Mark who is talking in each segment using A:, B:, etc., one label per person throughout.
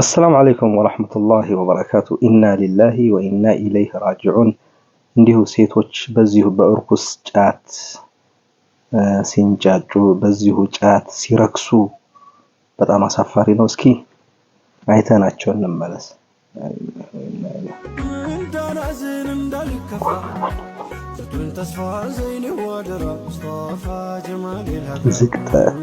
A: አሰላሙ አለይኩም ወራህመቱላሂ ወበረካቱ። ኢና ሊላሂ ወኢና ኢለይህ ራጅዑን። እንዲሁ ሴቶች በዚሁ በእርኩስ ጫት ሲንጫጩ፣ በዚሁ ጫት ሲረክሱ በጣም አሳፋሪ ነው። እስኪ አይተናቸው እንመለስ። ዝቅጠት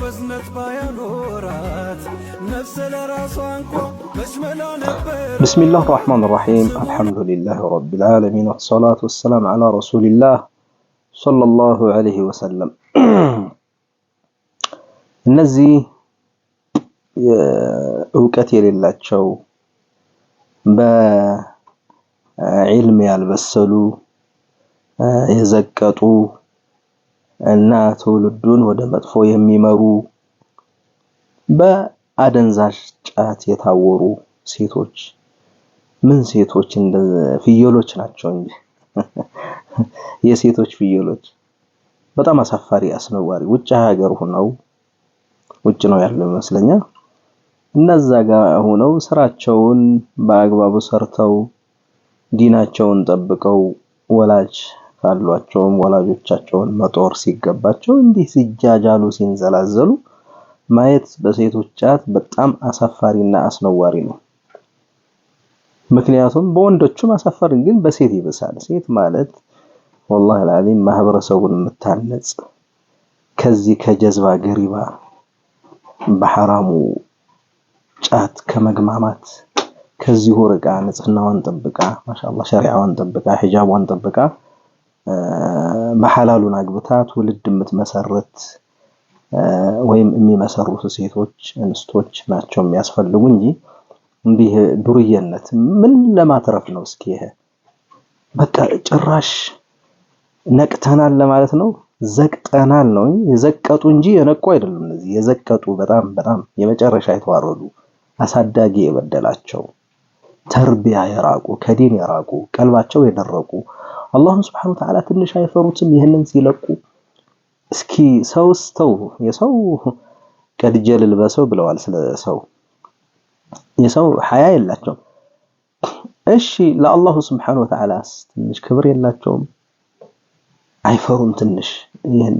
A: በዝነት ባያኖራት ለራሷ እንኳ بسم الله الرحمن الرحيم الحمد لله رب العالمين والصلاة والسلام على رسول الله صلى الله عليه وسلم እነዚህ እውቀት با علم ያልበሰሉ يزكتو እና ትውልዱን ወደ መጥፎ የሚመሩ በአደንዛዥ ጫት የታወሩ ሴቶች ምን ሴቶች እንደ ፍየሎች ናቸው እንጂ የሴቶች ፍየሎች በጣም አሳፋሪ አስነዋሪ ውጭ ሀገር ሆነው ውጭ ነው ያለው ይመስለኛል እነዛ ጋር ሆነው ስራቸውን በአግባቡ ሰርተው ዲናቸውን ጠብቀው ወላጅ ካሏቸውም ወላጆቻቸውን መጦር ሲገባቸው እንዲህ ሲጃጃሉ ሲንዘላዘሉ ማየት በሴቶች ጫት በጣም አሳፋሪና አስነዋሪ ነው። ምክንያቱም በወንዶቹም አሳፋሪ ግን በሴት ይብሳል። ሴት ማለት ወላሂ አልዓዚም ማህበረሰቡን የምታነጽ ከዚህ ከጀዝባ ገሪባ በሐራሙ ጫት ከመግማማት ከዚሁ ርቃ ንጽህናዋን ጠብቃ ማሻአላህ ሸሪዓዋን ጠብቃ ሂጃቧን ጠብቃ መሐላሉን አግብታ ትውልድ የምትመሰርት ወይም የሚመሰሩት ሴቶች እንስቶች ናቸው የሚያስፈልጉ እንጂ እንዲህ ዱርየነት ምን ለማትረፍ ነው? እስኪ ይሄ በቃ ጭራሽ ነቅተናል ለማለት ነው። ዘቅጠናል ነው። የዘቀጡ እንጂ የነቁ አይደሉም። እነዚህ የዘቀጡ በጣም በጣም የመጨረሻ የተዋረዱ አሳዳጊ የበደላቸው ተርቢያ የራቁ ከዲን የራቁ ቀልባቸው የደረቁ አላህን ስብሐነ ወተዓላ ትንሽ አይፈሩትም። ይህንን ሲለቁ እስኪ ሰውስ ተው የሰው ቀድጄ ልልበሰው ብለዋል። ስለ ሰው የሰው ሀያ የላቸውም። እሺ ለአላሁ ስብሐነ ወተዓላስ ትንሽ ክብር የላቸውም? አይፈሩም። ትንሽ ይህን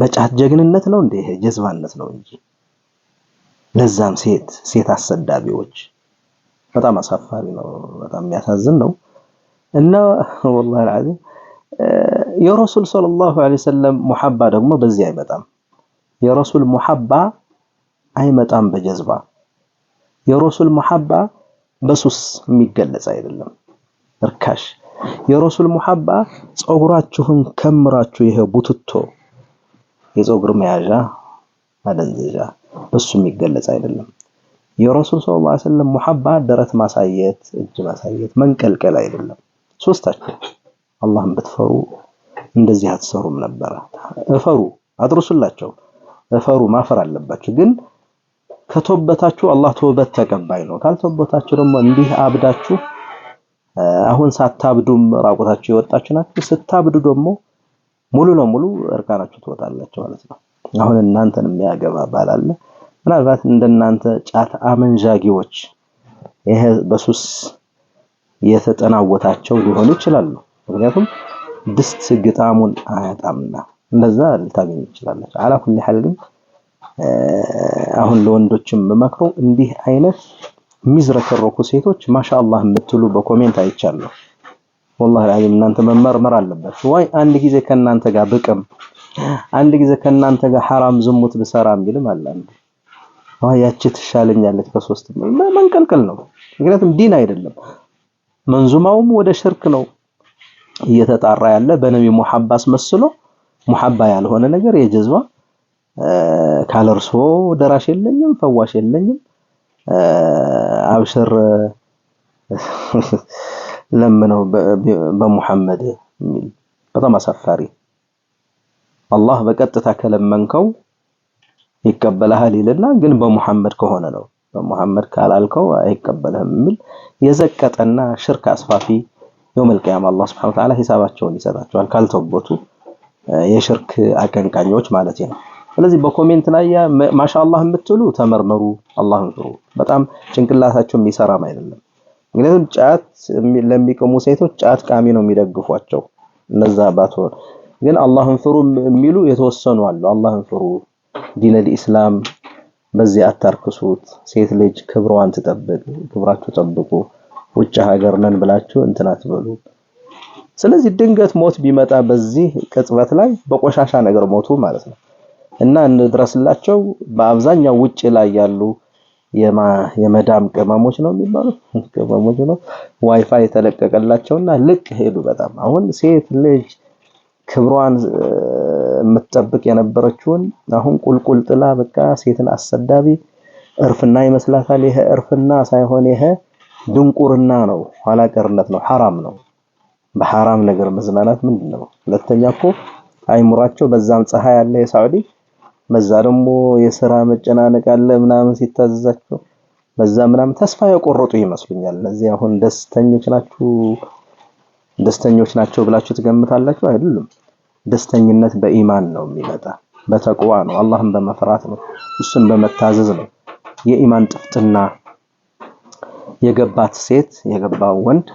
A: በጫት ጀግንነት ነው እንዴ? ጀዝባነት ነው እንጂ። ለዛም ሴት ሴት አሰዳቢዎች በጣም አሳፋሪ ነው። በጣም የሚያሳዝን ነው። እና ወላሂ አልዓዚም የረሱል ሰለላሁ ዐለይሂ ወሰለም ሙሐባ ደግሞ በዚህ አይመጣም። የረሱል ሙሐባ አይመጣም በጀዝባ የረሱል ሙሐባ በሱስ የሚገለጽ አይደለም፣ እርካሽ የረሱል ሙሐባ ጸጉራችሁን ከምራችሁ ይሄ ቡትቶ የጸጉር መያዣ ማደንዘዣ በሱ የሚገለጽ አይደለም። የረሱል ሰለላሁ ዐለይሂ ወሰለም ሙሐባ ደረት ማሳየት፣ እጅ ማሳየት፣ መንቀልቀል አይደለም። ሶስታችሁ አላህን ብትፈሩ እንደዚህ አትሰሩም ነበረ። እፈሩ፣ አድርሱላቸው፣ እፈሩ። ማፈር አለባችሁ። ግን ከተወበታችሁ አላህ ተውበት ተቀባይ ነው። ካልተወበታችሁ ደግሞ እንዲህ አብዳችሁ አሁን ሳታብዱም ራቁታችሁ የወጣችሁ ናችሁ። ስታብዱ ደግሞ ሙሉ ለሙሉ እርቃናችሁ ትወጣላችሁ ማለት ነው። አሁን እናንተን የሚያገባ ባላለ ምናልባት እንደናንተ ጫት አመንዣጊዎች ይሄ በሱስ የተጠናወታቸው ሊሆኑ ይችላሉ። ምክንያቱም ድስት ግጣሙን አያጣምና እንደዛ ልታገኝ ይችላለች። አላ ኩሊ ሐል ግን አሁን ለወንዶችም መክረው እንዲህ አይነት የሚዝረከረኩ ሴቶች ማሻአላህ የምትሉ በኮሜንት አይቻለሁ። ወላሂ አሊም እናንተ መመርመር አለባችሁ። ወይ አንድ ጊዜ ከእናንተ ጋር ብቅም አንድ ጊዜ ከእናንተ ጋር ሐራም ዝሙት ብሰራ የሚልም አለ። ያቺ ትሻለኛለች ከሶስት መንቀልቀል ነው። ምክንያቱም ዲን አይደለም። መንዙማውም ወደ ሽርክ ነው እየተጣራ ያለ በነቢ ሙሐባ አስመስሎ ሙሐባ ያልሆነ ነገር የጀዝባ ካለ ደራሽ የለኝም ፈዋሽ የለኝም አብሽር ለምነው በሙሐመድ የሚል በጣም አሳፋሪ አላህ በቀጥታ ከለመንከው ይቀበልሃል ይልና ግን በሙሐመድ ከሆነ ነው በሙሐመድ ካላልከው አይቀበልህም የሚል የዘቀጠና ሽርክ አስፋፊ የውመልቅያም አላህ ስብሐነሁ ወተዓላ ሂሳባቸውን ይሰጣቸዋል። ካልተወበቱ የሽርክ አቀንቃኞች ማለት ነው። ስለዚህ በኮሜንት ላይ ማሻአላህ የምትሉ ተመርመሩ፣ አላህን ፍሩ። በጣም ጭንቅላታቸው የሚሰራም አይደለም። ምክንያቱም ጫት ለሚቅሙ ሴቶች ጫት ቃሚ ነው የሚደግፏቸው። እነዛ ባትሆን ግን አላህን ፍሩ የሚሉ የተወሰኑ አሉ። አላህን ፍሩ ዲነል ኢስላም በዚህ አታርክሱት። ሴት ልጅ ክብሯን ትጠብቅ፣ ክብራችሁ ጠብቁ። ውጭ ሀገር ነን ብላችሁ እንትን አትበሉ። ስለዚህ ድንገት ሞት ቢመጣ በዚህ ቅጽበት ላይ በቆሻሻ ነገር ሞቱ ማለት ነው እና እንድረስላቸው። በአብዛኛው ውጭ ላይ ያሉ የመዳም ቅመሞች ነው የሚባሉት ቅመሞች ነው ዋይፋይ የተለቀቀላቸውና ልቅ ሄዱ። በጣም አሁን ሴት ልጅ ክብሯን የምትጠብቅ የነበረችውን አሁን ቁልቁል ጥላ በቃ ሴትን አሰዳቢ እርፍና ይመስላታል። ይሄ እርፍና ሳይሆን ይሄ ድንቁርና ነው፣ ኋላ ቀርነት ነው፣ ሐራም ነው። በሐራም ነገር መዝናናት ምንድነው? ሁለተኛ እኮ አይሙራቸው በዛም ፀሐይ አለ የሳዑዲ በዛ ደግሞ የስራ መጨናነቅ አለ ምናምን ሲታዘዛቸው በዛ ምናምን ተስፋ የቆረጡ ይመስሉኛል። እነዚህ አሁን ደስተኞች ናችሁ ደስተኞች ናቸው ብላችሁ ትገምታላችሁ? አይደሉም። ደስተኝነት በኢማን ነው የሚመጣ፣ በተቅዋ ነው፣ አላህን በመፍራት ነው፣ እሱን በመታዘዝ ነው። የኢማን ጥፍጥና የገባት ሴት የገባው ወንድ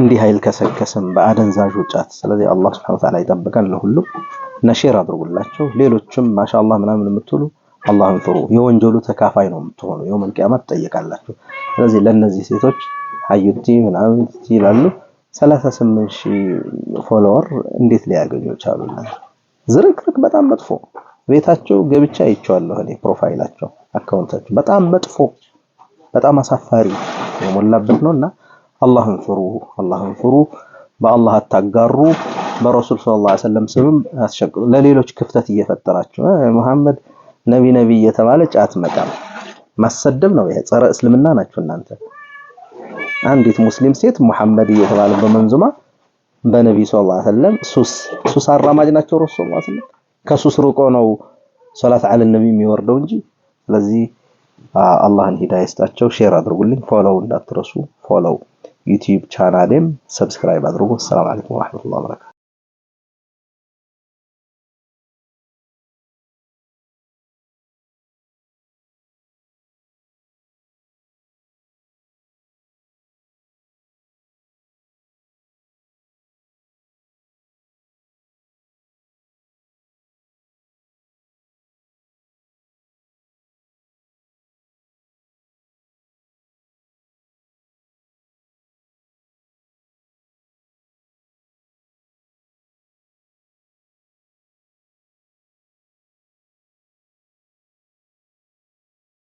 A: እንዲህ ኃይል ከሰከስም በአደንዛዥ ጫት። ስለዚህ አላህ ሱብሓነሁ ወተዓላ ይጠብቀን። ለሁሉ ነሼር አድርጉላቸው። ሌሎችም ማሻአላህ ምናምን የምትሉ አላህን ፍሩ። የወንጀሉ ተካፋይ ነው የምትሆኑ፣ የውመል ቂያማ ትጠየቃላችሁ። ስለዚህ ለእነዚህ ሴቶች ሀዩቲ ምናምን ይላሉ። 38 ሺህ ፎሎወር እንዴት ሊያገኙ ቻሉ? ዝርክርክ በጣም መጥፎ ቤታቸው ገብቻ አይቼዋለሁ። እኔ ፕሮፋይላቸው አካውንታቸው በጣም መጥፎ በጣም አሳፋሪ የሞላበት ነውና አላህን ፍሩ፣ አላህን ፍሩ፣ በአላህ አታጋሩ። በረሱል ሰለላሁ ዐለይሂ ወሰለም ስምም ለሌሎች ክፍተት እየፈጠራቸው መሐመድ ነቢ ነቢ እየተባለ ጫት መቃም ማሰደብ ነው። ይሄ ጸረ እስልምና ናችሁ እናንተ። አንዲት ሙስሊም ሴት መሐመድ እየተባለ በመንዙማ በነብዩ ሰለላሁ ዐለይሂ ወሰለም ሱስ ሱስ አራማጅ ናቸው። ረሱ ሰለላሁ ዐለይሂ ወሰለም ከሱስ ርቆ ነው ሶላት አለ ነብይ የሚወርደው እንጂ። ስለዚህ አላህን ሂዳያ ይስጣቸው። ሼር አድርጉልኝ፣ ፎሎው እንዳትረሱ። ፎሎው ዩቲዩብ ቻናሌም ሰብስክራይብ አድርጉ። ሰላም አለይኩም ወራህመቱላሂ ወበረካቱ